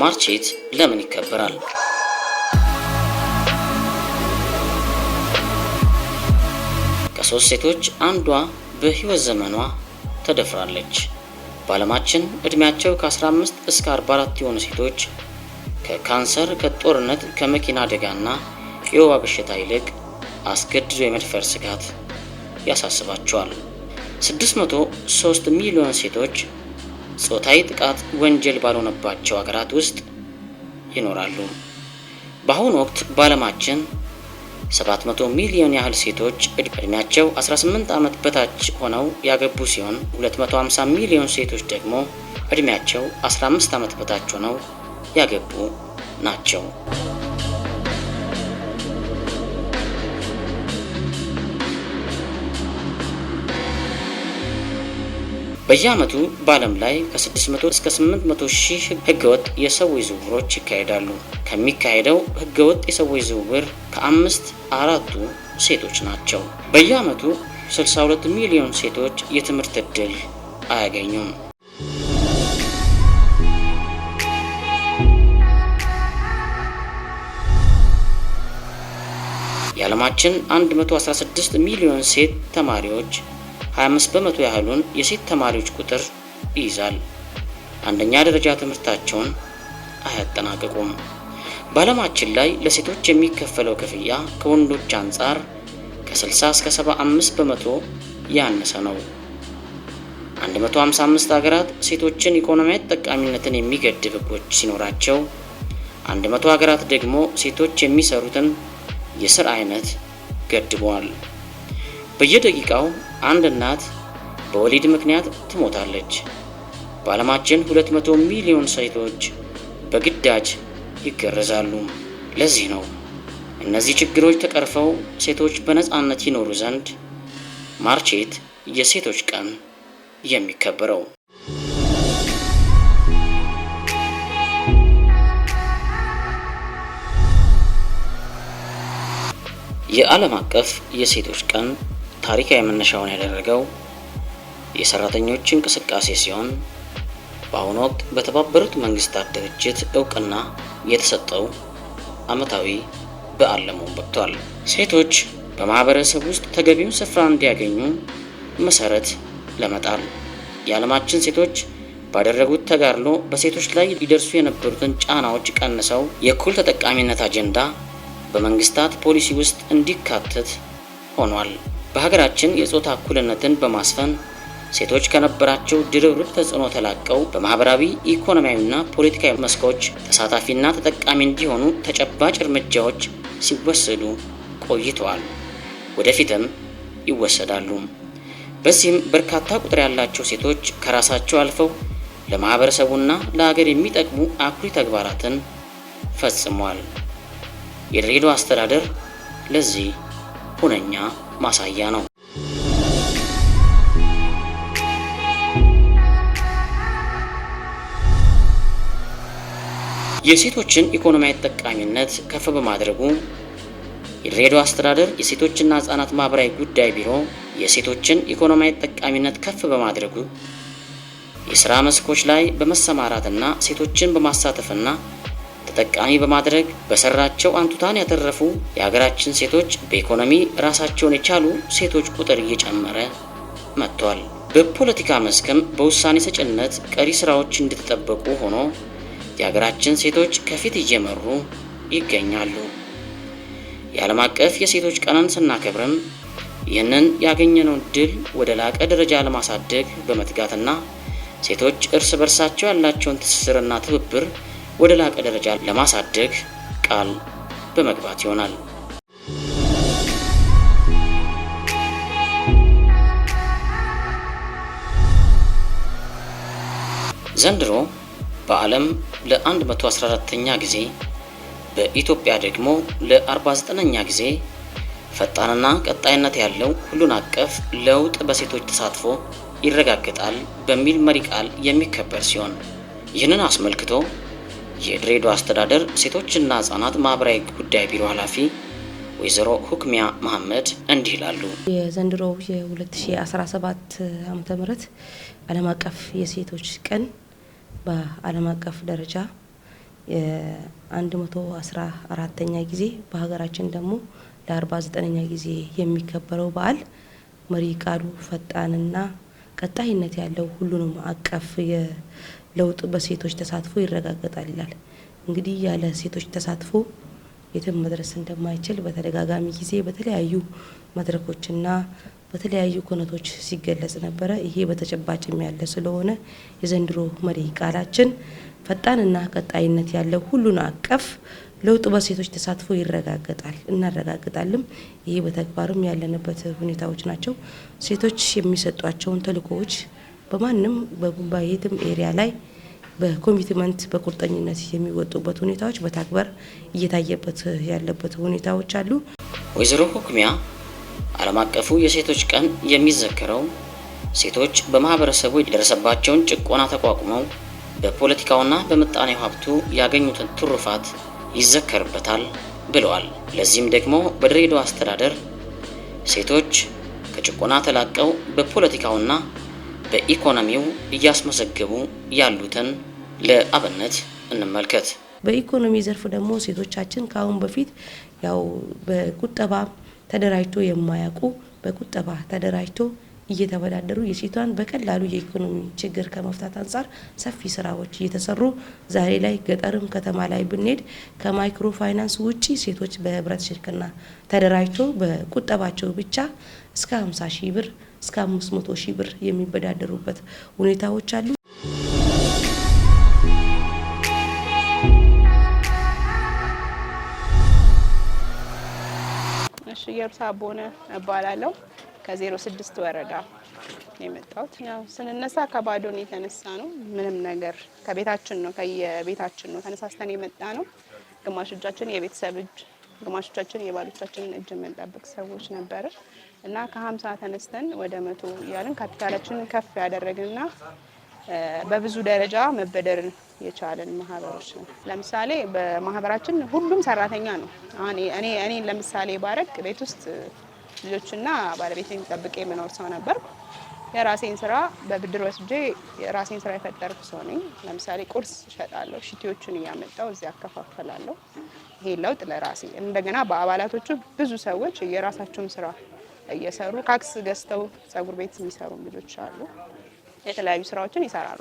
ማርቼት ለምን ይከበራል? ከሶስት ሴቶች አንዷ በህይወት ዘመኗ ተደፍራለች። በዓለማችን ዕድሜያቸው ከ15 እስከ 44 የሆኑ ሴቶች ከካንሰር፣ ከጦርነት፣ ከመኪና አደጋና የወባ በሽታ ይልቅ አስገድዶ የመድፈር ስጋት ያሳስባቸዋል። 603 ሚሊዮን ሴቶች ጾታዊ ጥቃት ወንጀል ባልሆነባቸው ሀገራት ውስጥ ይኖራሉ። በአሁኑ ወቅት በዓለማችን 700 ሚሊዮን ያህል ሴቶች እድሜያቸው 18 ዓመት በታች ሆነው ያገቡ ሲሆን 250 ሚሊዮን ሴቶች ደግሞ እድሜያቸው 15 ዓመት በታች ሆነው ያገቡ ናቸው። በየዓመቱ በዓለም ላይ ከ600 እስከ 800 ሺህ ህገወጥ የሰዎች ዝውውሮች ይካሄዳሉ። ከሚካሄደው ህገወጥ የሰዎች ዝውውር ከአምስት አራቱ ሴቶች ናቸው። በየዓመቱ 62 ሚሊዮን ሴቶች የትምህርት ዕድል አያገኙም። የዓለማችን 116 ሚሊዮን ሴት ተማሪዎች 25 በመቶ ያህሉን የሴት ተማሪዎች ቁጥር ይይዛል። አንደኛ ደረጃ ትምህርታቸውን አያጠናቅቁም። በዓለማችን ላይ ለሴቶች የሚከፈለው ክፍያ ከወንዶች አንጻር ከ60 እስከ 75 በመቶ ያነሰ ነው። 155 ሀገራት ሴቶችን ኢኮኖሚያዊ ተጠቃሚነትን የሚገድብ ህጎች ሲኖራቸው 100 ሀገራት ደግሞ ሴቶች የሚሰሩትን የስራ አይነት ገድበዋል። በየደቂቃው አንድ እናት በወሊድ ምክንያት ትሞታለች። በዓለማችን 200 ሚሊዮን ሴቶች በግዳጅ ይገረዛሉ። ለዚህ ነው እነዚህ ችግሮች ተቀርፈው ሴቶች በነፃነት ይኖሩ ዘንድ ማርቼት የሴቶች ቀን የሚከበረው። የዓለም አቀፍ የሴቶች ቀን ታሪካዊ መነሻውን ያደረገው የሰራተኞች እንቅስቃሴ ሲሆን በአሁኑ ወቅት በተባበሩት መንግስታት ድርጅት እውቅና የተሰጠው ዓመታዊ በዓል ለመሆን በቅቷል። ሴቶች በማህበረሰብ ውስጥ ተገቢውን ስፍራ እንዲያገኙ መሰረት ለመጣል የዓለማችን ሴቶች ባደረጉት ተጋድሎ በሴቶች ላይ ሊደርሱ የነበሩትን ጫናዎች ቀንሰው የእኩል ተጠቃሚነት አጀንዳ በመንግስታት ፖሊሲ ውስጥ እንዲካተት ሆኗል። በሀገራችን የጾታ እኩልነትን በማስፈን ሴቶች ከነበራቸው ድርብርብ ተጽዕኖ ተላቀው በማህበራዊ ኢኮኖሚያዊና ፖለቲካዊ መስኮች ተሳታፊና ተጠቃሚ እንዲሆኑ ተጨባጭ እርምጃዎች ሲወሰዱ ቆይተዋል፣ ወደፊትም ይወሰዳሉ። በዚህም በርካታ ቁጥር ያላቸው ሴቶች ከራሳቸው አልፈው ለማህበረሰቡና ለሀገር የሚጠቅሙ አኩሪ ተግባራትን ፈጽሟል። የድሬዳዋ አስተዳደር ለዚህ ሁነኛ ማሳያ ነው። የሴቶችን ኢኮኖሚያዊ ተጠቃሚነት ከፍ በማድረጉ የድሬዳዋ አስተዳደር የሴቶችና ህጻናት ማህበራዊ ጉዳይ ቢሮ የሴቶችን ኢኮኖሚያዊ ተጠቃሚነት ከፍ በማድረጉ የስራ መስኮች ላይ በመሰማራትና ሴቶችን በማሳተፍና ተጠቃሚ በማድረግ በሰራቸው አንቱታን ያተረፉ የሀገራችን ሴቶች በኢኮኖሚ ራሳቸውን የቻሉ ሴቶች ቁጥር እየጨመረ መጥቷል። በፖለቲካ መስክም በውሳኔ ሰጭነት ቀሪ ስራዎች እንደተጠበቁ ሆኖ የሀገራችን ሴቶች ከፊት እየመሩ ይገኛሉ። የዓለም አቀፍ የሴቶች ቀንን ስናከብርም ይህንን ያገኘነውን ድል ወደ ላቀ ደረጃ ለማሳደግ በመትጋትና ሴቶች እርስ በርሳቸው ያላቸውን ትስስርና ትብብር ወደ ላቀ ደረጃ ለማሳደግ ቃል በመግባት ይሆናል። ዘንድሮ በዓለም ለ114ኛ ጊዜ በኢትዮጵያ ደግሞ ለ49ኛ ጊዜ ፈጣንና ቀጣይነት ያለው ሁሉን አቀፍ ለውጥ በሴቶች ተሳትፎ ይረጋገጣል በሚል መሪ ቃል የሚከበር ሲሆን ይህንን አስመልክቶ የድሬዳዋ አስተዳደር ሴቶችና ህጻናት ማህበራዊ ጉዳይ ቢሮ ኃላፊ ወይዘሮ ሁክሚያ መሀመድ እንዲህ ይላሉ። የዘንድሮ የ2017 ም ዓለም አቀፍ የሴቶች ቀን በዓለም አቀፍ ደረጃ የ114ኛ ጊዜ በሀገራችን ደግሞ ለ49ኛ ጊዜ የሚከበረው በዓል መሪ ቃሉ ፈጣንና ቀጣይነት ያለው ሁሉንም አቀፍ ለውጥ በሴቶች ተሳትፎ ይረጋገጣል ይላል። እንግዲህ ያለ ሴቶች ተሳትፎ የትም መድረስ እንደማይችል በተደጋጋሚ ጊዜ በተለያዩ መድረኮችና በተለያዩ ኩነቶች ሲገለጽ ነበረ። ይሄ በተጨባጭም ያለ ስለሆነ የዘንድሮ መሪ ቃላችን ፈጣንና ቀጣይነት ያለው ሁሉን አቀፍ ለውጥ በሴቶች ተሳትፎ ይረጋገጣል፣ እናረጋግጣልም። ይሄ በተግባርም ያለንበት ሁኔታዎች ናቸው። ሴቶች የሚሰጧቸውን ተልእኮዎች በማንም የትም ኤሪያ ላይ በኮሚትመንት በቁርጠኝነት የሚወጡበት ሁኔታዎች በተግባር እየታየበት ያለበት ሁኔታዎች አሉ። ወይዘሮ ኩክሚያ ዓለም አቀፉ የሴቶች ቀን የሚዘከረው ሴቶች በማህበረሰቡ የደረሰባቸውን ጭቆና ተቋቁመው በፖለቲካውና በምጣኔው ሀብቱ ያገኙትን ትሩፋት ይዘከርበታል ብለዋል። ለዚህም ደግሞ በድሬዳዋ አስተዳደር ሴቶች ከጭቆና ተላቀው በፖለቲካውና በኢኮኖሚው እያስመዘገቡ ያሉትን ለአብነት እንመልከት። በኢኮኖሚ ዘርፍ ደግሞ ሴቶቻችን ከአሁን በፊት ያው በቁጠባ ተደራጅቶ የማያውቁ በቁጠባ ተደራጅቶ እየተወዳደሩ የሴቷን በቀላሉ የኢኮኖሚ ችግር ከመፍታት አንጻር ሰፊ ስራዎች እየተሰሩ ዛሬ ላይ ገጠርም ከተማ ላይ ብንሄድ ከማይክሮ ፋይናንስ ውጪ ሴቶች በህብረት ሽርክና ተደራጅቶ በቁጠባቸው ብቻ እስከ 50 ሺህ ብር እስከ 500 ሺህ ብር የሚበዳደሩበት ሁኔታዎች አሉ። እሺ ኢየሩሳ ቦነ እባላለሁ። ከ06 ወረዳ የመጣሁት ያው ስንነሳ ከባዶን የተነሳ ነው። ምንም ነገር ከቤታችን ነው ከየቤታችን ነው ተነሳስተን የመጣ ነው። ግማሾቻችን የቤተሰብ እጅ፣ ግማሾቻችን የባሎቻችንን እጅ የምንጠብቅ ሰዎች ነበረ። እና ከ50 ተነስተን ወደ መቶ እያልን ካፒታላችንን ከፍ ያደረግንና በብዙ ደረጃ መበደር የቻለን ማህበሮች ነው። ለምሳሌ በማህበራችን ሁሉም ሰራተኛ ነው። አሁን እኔ እኔ ለምሳሌ ባረግ ቤት ውስጥ ልጆችና ባለቤቴን ጠብቄ የምኖር ሰው ነበርኩ። የራሴን ስራ በብድር ወስጄ የራሴን ስራ የፈጠርኩ ሰው ነኝ። ለምሳሌ ቁርስ እሸጣለሁ፣ ሽቲዎቹን እያመጣው እዚያ አከፋፈላለሁ። ይሄ ለውጥ ለራሴ እንደገና በአባላቶቹ ብዙ ሰዎች የራሳቸውን ስራ እየሰሩ ካክስ ገዝተው ጸጉር ቤት የሚሰሩ ልጆች አሉ። የተለያዩ ስራዎችን ይሰራሉ።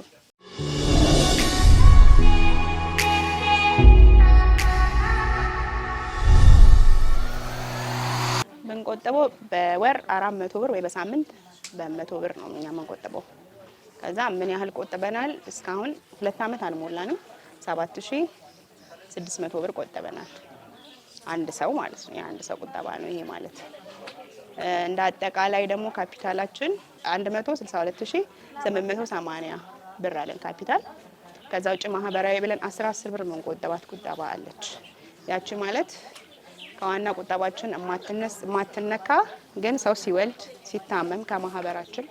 ምንቆጥበው በወር አራት መቶ ብር ወይ በሳምንት በመቶ ብር ነው እኛ ምንቆጥበው። ከዛ ምን ያህል ቆጥበናል? እስካሁን ሁለት ዓመት አልሞላንም። ሰባት ሺ ስድስት መቶ ብር ቆጥበናል። አንድ ሰው ማለት ነው። የአንድ ሰው ቁጠባ ነው ይሄ ማለት እንደ አጠቃላይ ደግሞ ካፒታላችን 162880 ብር አለን ካፒታል። ከዛ ውጭ ማህበራዊ ብለን 10 ብር የምንቆጠባት ቁጠባ አለች። ያቺ ማለት ከዋና ቁጠባችን የማትነካ ግን ሰው ሲወልድ ሲታመም ከማህበራችን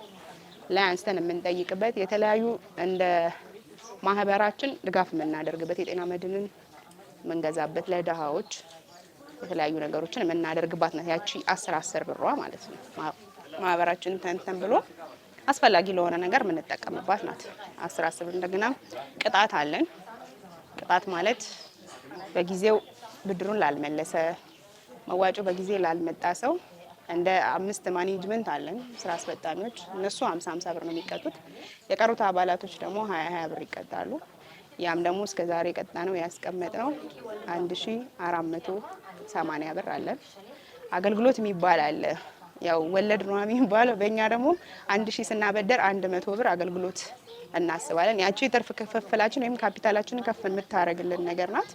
ላይ አንስተን የምንጠይቅበት የተለያዩ እንደ ማህበራችን ድጋፍ የምናደርግበት የጤና መድንን የምንገዛበት ለድሃዎች የተለያዩ ነገሮችን የምናደርግባት ናት። ያቺ አስር አስር ብሯ ማለት ነው። ማህበራችን ተንተን ብሎ አስፈላጊ ለሆነ ነገር የምንጠቀምባት ናት። አስር አስር እንደገና ቅጣት አለን። ቅጣት ማለት በጊዜው ብድሩን ላልመለሰ፣ መዋጮ በጊዜ ላልመጣ ሰው እንደ አምስት ማኔጅመንት አለን ስራ አስፈጣሚዎች። እነሱ ሀምሳ ሀምሳ ብር ነው የሚቀጡት። የቀሩት አባላቶች ደግሞ ሀያ ሀያ ብር ይቀጣሉ። ያም ደግሞ እስከዛሬ ቀጣ ነው ያስቀመጥ ነው አንድ ሺ አራት መቶ ሰማንያ ብር አለ። አገልግሎት የሚባል አለ። ያው ወለድ ነው የሚባለው። በእኛ ደግሞ አንድ ሺህ ስናበደር አንድ መቶ ብር አገልግሎት እናስባለን። ያቺ የትርፍ ክፍፍላችን ወይም ካፒታላችንን ከፍ የምታደርግልን ነገር ናት።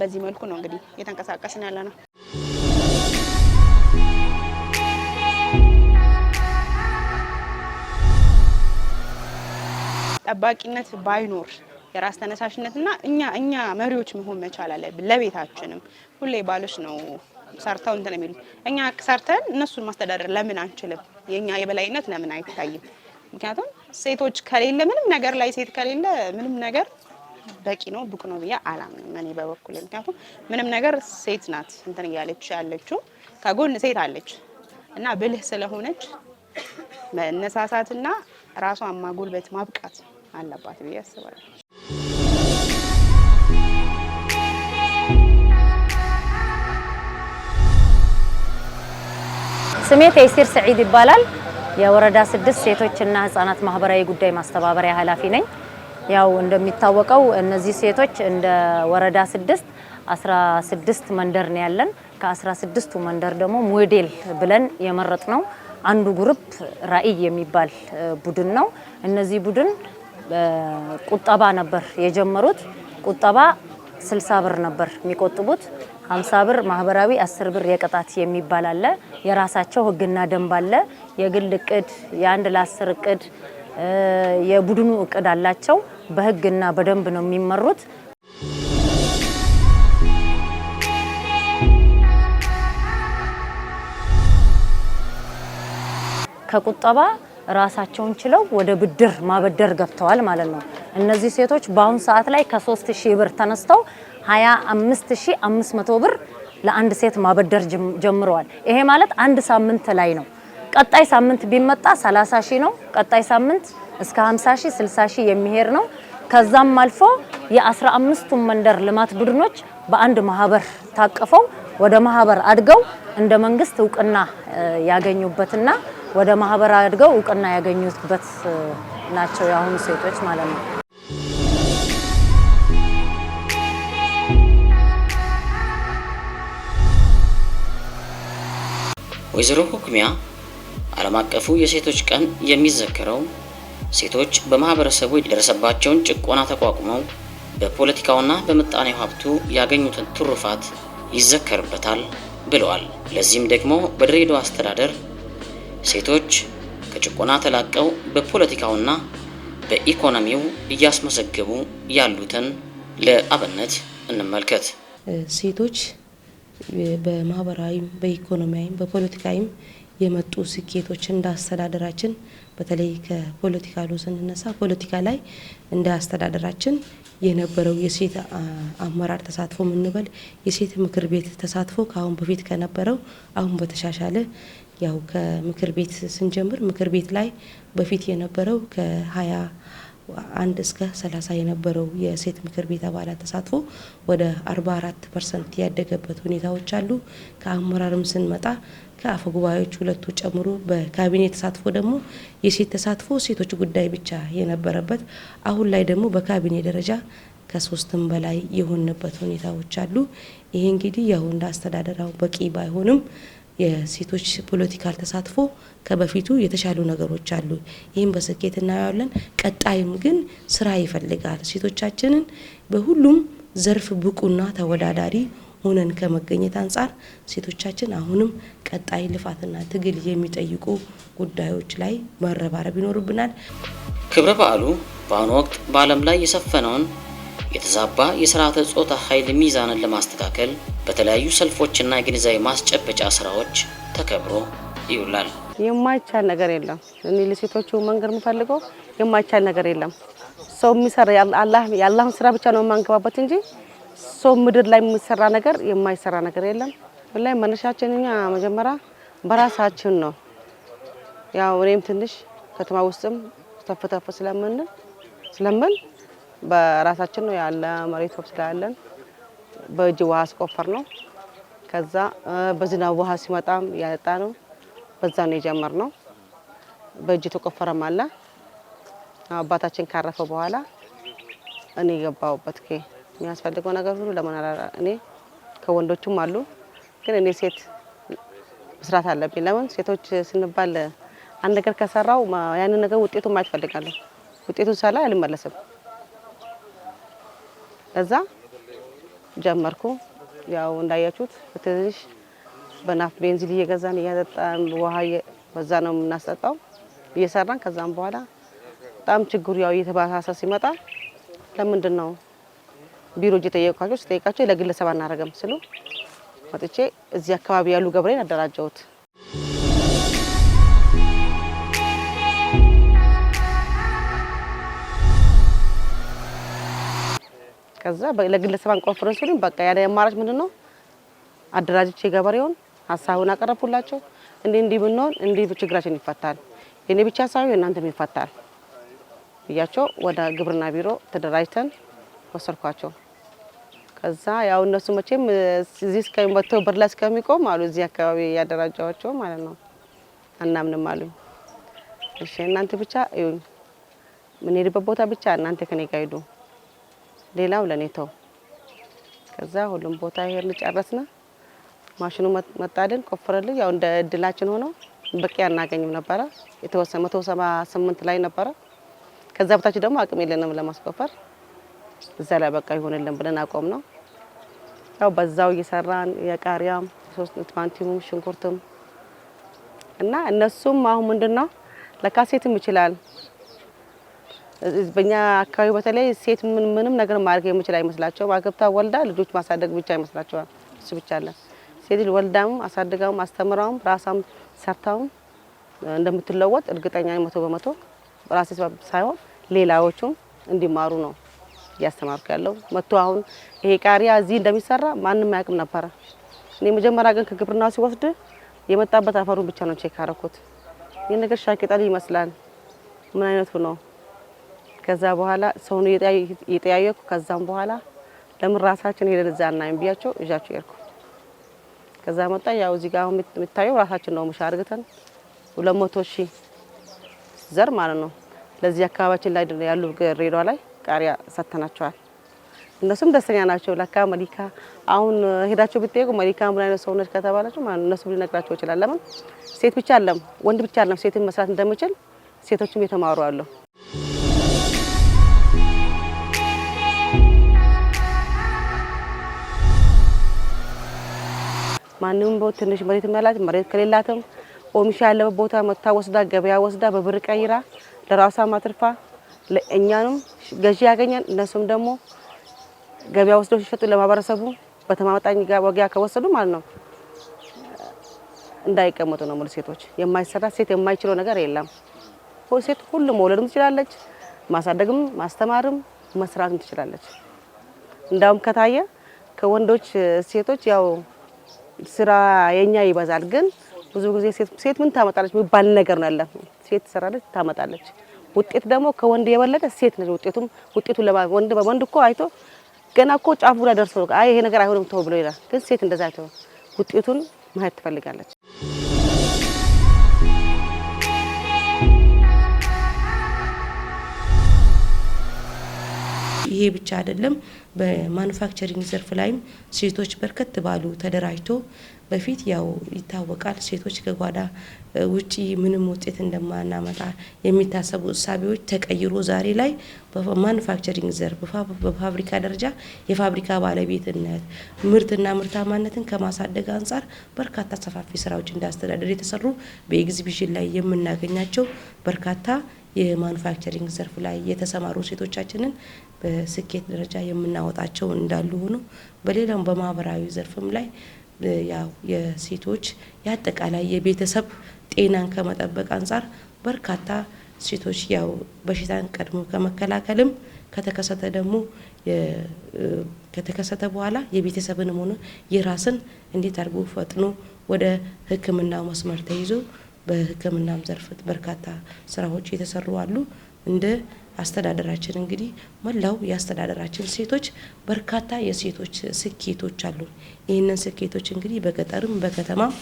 በዚህ መልኩ ነው እንግዲህ እየተንቀሳቀስን ያለ ነው። ጠባቂነት ባይኖር የራስ ተነሳሽነትና እኛ እኛ መሪዎች መሆን መቻል አለብን። ለቤታችንም ሁሌ ባሎች ነው ሰርተው እንትን የሚሉት እኛ ሰርተን እነሱን ማስተዳደር ለምን አንችልም? የእኛ የበላይነት ለምን አይታይም? ምክንያቱም ሴቶች ከሌለ ምንም ነገር ላይ ሴት ከሌለ ምንም ነገር በቂ ነው ብቁ ነው ብዬ አላምንም እኔ በበኩል ምክንያቱም ምንም ነገር ሴት ናት እንትን እያለች ያለችው ከጎን ሴት አለች እና ብልህ ስለሆነች መነሳሳትና ራሷን ማጎልበት ማብቃት አለባት ብዬ አስባለሁ። ስሜ ተይሲር ሰዒድ ይባላል። የወረዳ ስድስት ሴቶችና ህጻናት ማህበራዊ ጉዳይ ማስተባበሪያ ኃላፊ ነኝ። ያው እንደሚታወቀው እነዚህ ሴቶች እንደ ወረዳ ስድስት አስራ ስድስት መንደር ነው ያለን። ከአስራ ስድስቱ መንደር ደግሞ ሞዴል ብለን የመረጥ ነው አንዱ ግሩፕ ራዕይ የሚባል ቡድን ነው። እነዚህ ቡድን ቁጠባ ነበር የጀመሩት። ቁጠባ ስልሳ ብር ነበር የሚቆጥቡት ሀምሳ ብር ማህበራዊ አስር ብር የቅጣት የሚባል አለ። የራሳቸው ህግና ደንብ አለ። የግል እቅድ፣ የአንድ ለአስር እቅድ፣ የቡድኑ እቅድ አላቸው። በህግና በደንብ ነው የሚመሩት። ከቁጠባ ራሳቸውን ችለው ወደ ብድር ማበደር ገብተዋል ማለት ነው። እነዚህ ሴቶች በአሁኑ ሰዓት ላይ ከ3000 ብር ተነስተው 25500 ብር ለአንድ ሴት ማበደር ጀምረዋል። ይሄ ማለት አንድ ሳምንት ላይ ነው። ቀጣይ ሳምንት ቢመጣ 30 ሺህ ነው። ቀጣይ ሳምንት እስከ 50 ሺህ 60 ሺህ የሚሄድ ነው። ከዛም አልፎ የ15ቱም መንደር ልማት ቡድኖች በአንድ ማህበር ታቅፈው ወደ ማህበር አድገው እንደ መንግስት እውቅና ያገኙበትና ወደ ማህበር አድገው እውቅና ያገኙበት ናቸው የአሁኑ ሴቶች ማለት ነው። ወይዘሮ ሁክሚያ ዓለም አቀፉ የሴቶች ቀን የሚዘከረው ሴቶች በማህበረሰቡ የደረሰባቸውን ጭቆና ተቋቁመው በፖለቲካውና በምጣኔው ሀብቱ ያገኙትን ትሩፋት ይዘከርበታል ብለዋል። ለዚህም ደግሞ በድሬዳዋ አስተዳደር ሴቶች ከጭቆና ተላቀው በፖለቲካውና በኢኮኖሚው እያስመዘገቡ ያሉትን ለአብነት እንመልከት። ሴቶች በማህበራዊም በኢኮኖሚያዊም በፖለቲካዊም የመጡ ስኬቶች እንደ አስተዳደራችን በተለይ ከፖለቲካ ሉ ስንነሳ ፖለቲካ ላይ እንደ አስተዳደራችን የነበረው የሴት አመራር ተሳትፎ የምንበል የሴት ምክር ቤት ተሳትፎ ከአሁን በፊት ከነበረው አሁን በተሻሻለ ያው ከምክር ቤት ስንጀምር ምክር ቤት ላይ በፊት የነበረው ከሀያ አንድ እስከ 30 የነበረው የሴት ምክር ቤት አባላት ተሳትፎ ወደ 44 ፐርሰንት ያደገበት ሁኔታዎች አሉ። ከአመራርም ስንመጣ ከአፈ ጉባኤዎች ሁለቱ ጨምሮ በካቢኔ ተሳትፎ ደግሞ የሴት ተሳትፎ ሴቶች ጉዳይ ብቻ የነበረበት አሁን ላይ ደግሞ በካቢኔ ደረጃ ከሶስትም በላይ የሆነበት ሁኔታዎች አሉ። ይሄ እንግዲህ ያው እንደ አስተዳደራው በቂ ባይሆንም የሴቶች ፖለቲካል ተሳትፎ ከበፊቱ የተሻሉ ነገሮች አሉ። ይህም በስኬት እናየዋለን። ቀጣይም ግን ስራ ይፈልጋል። ሴቶቻችንን በሁሉም ዘርፍ ብቁና ተወዳዳሪ ሆነን ከመገኘት አንጻር ሴቶቻችን አሁንም ቀጣይ ልፋትና ትግል የሚጠይቁ ጉዳዮች ላይ መረባረብ ይኖርብናል። ክብረ በዓሉ በአሁኑ ወቅት በዓለም ላይ የሰፈነውን የተዛባ የስርዓተ ጾታ ኃይል ሚዛንን ለማስተካከል በተለያዩ ሰልፎችና የግንዛቤ ማስጨበጫ ስራዎች ተከብሮ ይውላል። የማይቻል ነገር የለም። እኔ ለሴቶቹ መንገር የምፈልገው የማይቻል ነገር የለም። ሰው የሚሰራ የአላህን ስራ ብቻ ነው የማንገባበት እንጂ ሰው ምድር ላይ የሚሰራ ነገር የማይሰራ ነገር የለም። ላይ መነሻችን እኛ መጀመሪያ በራሳችን ነው። ያው እኔም ትንሽ ከተማ ውስጥም ተፈተፈ ስለምን ስለምን በራሳችን ነው ያለ መሬት ወስዳለን። በእጅ ውሃ አስቆፈር ነው። ከዛ በዝናብ ውሃ ሲመጣም ያጣ ነው። በዛ ነው የጀመር ነው። በእጅ ተቆፈረም አለ። አባታችን ካረፈ በኋላ እኔ የገባሁበት ኬ የሚያስፈልገው ነገር ሁሉ ለምን እኔ ከወንዶቹም አሉ፣ ግን እኔ ሴት መስራት አለብኝ። ለምን ሴቶች ስንባል አንድ ነገር ከሰራው ያንን ነገር ውጤቱን ማየት እፈልጋለሁ። ውጤቱን ሳላ አልመለስም። እዛ ጀመርኩ። ያው እንዳያችሁት በትንሽ በናፍ ቤንዚል እየገዛን እያጠጣን ውሃ በዛ ነው የምናስጠጣው እየሰራን ከዛም በኋላ በጣም ችግሩ ያው እየተባሳሰ ሲመጣ ለምንድን ነው ቢሮ እጅ ስጠይቃቸው ለግለሰብ አናደርግም ስሉ መጥቼ እዚህ አካባቢ ያሉ ገበሬን አደራጀሁት። ከዛ ለግለሰብ አንቆፍረን ሲሉኝ በቃ ያ አማራጭ ምንድን ነው አደራጅቼ ገበሬውን ሀሳቡን አቀረብኩላቸው። እንዲህ እንዲህ ብንሆን እንዲህ ችግራችን ይፈታል፣ የኔ ብቻ ሳይሆን የእናንተም ይፈታል ብያቸው ወደ ግብርና ቢሮ ተደራጅተን ወሰድኳቸው። ከዛ ያው እነሱ መቼም እዚህ እስከሚመጥተው በር ላይ እስከሚቆም አሉ እዚህ አካባቢ ያደራጃቸው ማለት ነው አናምንም አሉ። እሺ እናንተ ብቻ እዩኝ፣ የምንሄድበት ቦታ ብቻ እናንተ ከኔ ጋር ሂዱ ሌላው ለኔተው ተው። ከዛ ሁሉም ቦታ ይሄን ጨረስን። ማሽኑ መጣልን፣ ቆፍረልን። ያው እንደ እድላችን ሆኖ በቂ አናገኝም ነበረ። የተወሰነ 178 ስምንት ላይ ነበረ። ከዛ በታች ደግሞ አቅም የለንም ለማስቆፈር። እዛ ላይ በቃ ይሆንልን ብለን አቆም ነው። ያው በዛው እየሰራን የቃሪያም ሶስት ቲማቲሙም ሽንኩርትም እና እነሱም አሁን ምንድነው ለካሴትም ይችላል በእኛ አካባቢ በተለይ ሴት ምን ምንም ነገር ማድረግ የምችል አይመስላቸውም። አገብታ ወልዳ ልጆች ማሳደግ ብቻ ይመስላቸዋል። እሱ ብቻ አለ። ሴት ወልዳም አሳድጋም ራሳም ሰርታውም እንደምትለወጥ እርግጠኛ መቶ በመቶ ራሴ ሳይሆን ሌላዎቹም እንዲማሩ ነው እያስተማርኩ ያለው። መቶ አሁን ይሄ ቃሪያ እዚህ እንደሚሰራ ማንም አያውቅም ነበረ። እኔ መጀመሪያ ግን ከግብርና ሲወስድ የመጣበት አፈሩን ብቻ ነው ቼክ አረኩት። ይህ ነገር ሻኪጣል ይመስላል ምን አይነቱ ነው ከዛ በኋላ ሰውን የጠያየኩ ከዛም በኋላ ለምን ራሳችን ሄደን እዛ እናይም ብያቸው እዣቸው ሄድኩ። ከዛ መጣ ያው እዚህ ጋር የምታየው ራሳችን ነው። ሙሻ አርግተን ሁለት መቶ ሺህ ዘር ማለት ነው ለዚህ አካባቢያችን ላይ ያሉ ሬዷ ላይ ቃሪያ ሰጥተናቸዋል። እነሱም ደስተኛ ናቸው። ለካ መሊካ አሁን ሄዳቸው ብትጠይቁ መሊካ ምን አይነት ሰው ነች ከተባላችሁ እነሱ ሊነግራቸው ይችላል። ለምን ሴት ብቻ አለም ወንድ ብቻ አለም ሴትን መስራት እንደምችል ሴቶችም የተማሩ አለሁ ማንም ትንሽ መሬት መላት መሬት ከሌላትም ኦምሻ ያለ ቦታ መታ ወስዳ ገበያ ወስዳ በብር ቀይራ ለራሷ ማትርፋ ለእኛንም ገዢ ያገኛል። እነሱም ደግሞ ገበያ ወስደው ሲሸጡ ለማህበረሰቡ በተማመጣኝ ወጊያ ከወሰዱ ማለት ነው እንዳይቀመጡ ነው። ሙሉ ሴቶች የማይሰራ ሴት የማይችለው ነገር የለም። ሴት ሁሉ መውለድም ትችላለች፣ ማሳደግም ማስተማርም መስራትም ትችላለች። እንዳውም ከታየ ከወንዶች ሴቶች ያው ስራ የኛ ይበዛል። ግን ብዙ ጊዜ ሴት ምን ታመጣለች የሚባል ነገር ነው ያለ። ሴት ትሰራለች፣ ታመጣለች። ውጤት ደግሞ ከወንድ የበለጠ ሴት ነች። ውጤቱም ውጤቱ ወንድ ወንድ እኮ አይቶ ገና እኮ ጫፉ ላይ ደርሶ አይ ይሄ ነገር አይሆንም ተው ብሎ ይላል። ግን ሴት እንደዛ አይቶ ውጤቱን ማየት ትፈልጋለች። ይሄ ብቻ አይደለም። በማኑፋክቸሪንግ ዘርፍ ላይም ሴቶች በርከት ባሉ ተደራጅቶ በፊት ያው ይታወቃል፣ ሴቶች ከጓዳ ውጪ ምንም ውጤት እንደማናመጣ የሚታሰቡ እሳቢዎች ተቀይሮ ዛሬ ላይ በማኑፋክቸሪንግ ዘርፍ በፋብሪካ ደረጃ የፋብሪካ ባለቤትነት ምርትና ምርታማነትን ከማሳደግ አንጻር በርካታ ሰፋፊ ስራዎች እንዳስተዳደር የተሰሩ በኤግዚቢሽን ላይ የምናገኛቸው በርካታ የማኑፋክቸሪንግ ዘርፍ ላይ የተሰማሩ ሴቶቻችንን በስኬት ደረጃ የምናወጣቸው እንዳሉ ሆኖ በሌላው በማህበራዊ ዘርፍም ላይ ያው የሴቶች የአጠቃላይ የቤተሰብ ጤናን ከመጠበቅ አንጻር በርካታ ሴቶች ያው በሽታን ቀድሞ ከመከላከልም ከተከሰተ ደግሞ ከተከሰተ በኋላ የቤተሰብንም ሆነ የራስን እንዴት አድርጎ ፈጥኖ ወደ ሕክምናው መስመር ተይዞ በሕክምናም ዘርፍ በርካታ ስራዎች የተሰሩ አሉ እንደ አስተዳደራችን እንግዲህ መላው የአስተዳደራችን ሴቶች በርካታ የሴቶች ስኬቶች አሉ። ይህንን ስኬቶች እንግዲህ በገጠርም በከተማም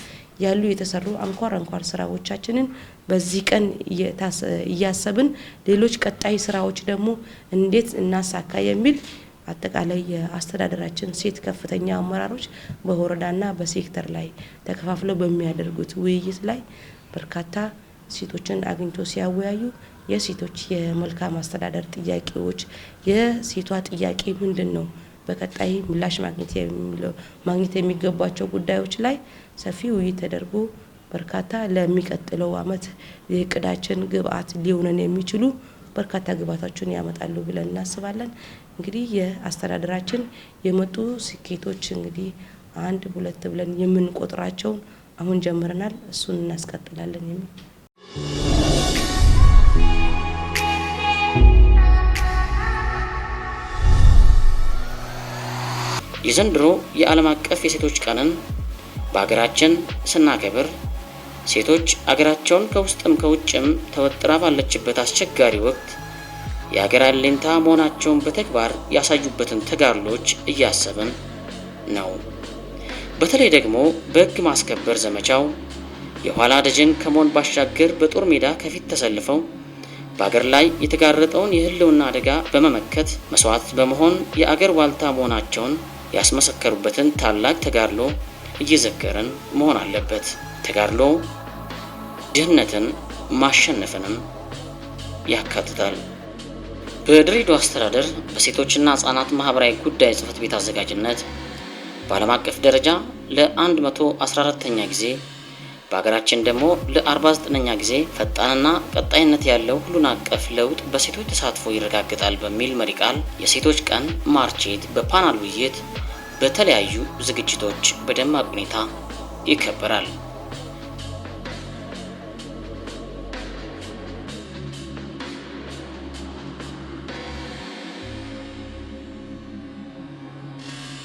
ያሉ የተሰሩ አንኳር አንኳር ስራዎቻችንን በዚህ ቀን እያሰብን ሌሎች ቀጣይ ስራዎች ደግሞ እንዴት እናሳካ የሚል አጠቃላይ የአስተዳደራችን ሴት ከፍተኛ አመራሮች በወረዳና በሴክተር ላይ ተከፋፍለው በሚያደርጉት ውይይት ላይ በርካታ ሴቶችን አግኝቶ ሲያወያዩ የሴቶች የመልካም አስተዳደር ጥያቄዎች የሴቷ ጥያቄ ምንድን ነው፣ በቀጣይ ምላሽ ማግኘት የሚገባቸው ጉዳዮች ላይ ሰፊ ውይይት ተደርጎ በርካታ ለሚቀጥለው ዓመት የእቅዳችን ግብአት ሊሆነን የሚችሉ በርካታ ግብአቶችን ያመጣሉ ብለን እናስባለን። እንግዲህ የአስተዳደራችን የመጡ ስኬቶች እንግዲህ አንድ ሁለት ብለን የምንቆጥራቸውን አሁን ጀምረናል፣ እሱን እናስቀጥላለን የሚል የዘንድሮ የዓለም አቀፍ የሴቶች ቀንን በሀገራችን ስናከብር ሴቶች አገራቸውን ከውስጥም ከውጭም ተወጥራ ባለችበት አስቸጋሪ ወቅት የሀገር አለኝታ መሆናቸውን በተግባር ያሳዩበትን ተጋድሎች እያሰብን ነው። በተለይ ደግሞ በሕግ ማስከበር ዘመቻው የኋላ ደጀን ከመሆን ባሻገር በጦር ሜዳ ከፊት ተሰልፈው በአገር ላይ የተጋረጠውን የህልውና አደጋ በመመከት መስዋዕት በመሆን የአገር ዋልታ መሆናቸውን ያስመሰከሩበትን ታላቅ ተጋድሎ እየዘከርን መሆን አለበት። ተጋድሎ ድህነትን ማሸነፍንም ያካትታል። በድሬዳዋ አስተዳደር በሴቶችና ህጻናት ማህበራዊ ጉዳይ ጽህፈት ቤት አዘጋጅነት በዓለም አቀፍ ደረጃ ለ114ኛ ጊዜ በሀገራችን ደግሞ ለ49ኛ ጊዜ ፈጣንና ቀጣይነት ያለው ሁሉን አቀፍ ለውጥ በሴቶች ተሳትፎ ይረጋግጣል በሚል መሪ ቃል የሴቶች ቀን ማርቼት በፓናል ውይይት በተለያዩ ዝግጅቶች በደማቅ ሁኔታ ይከበራል።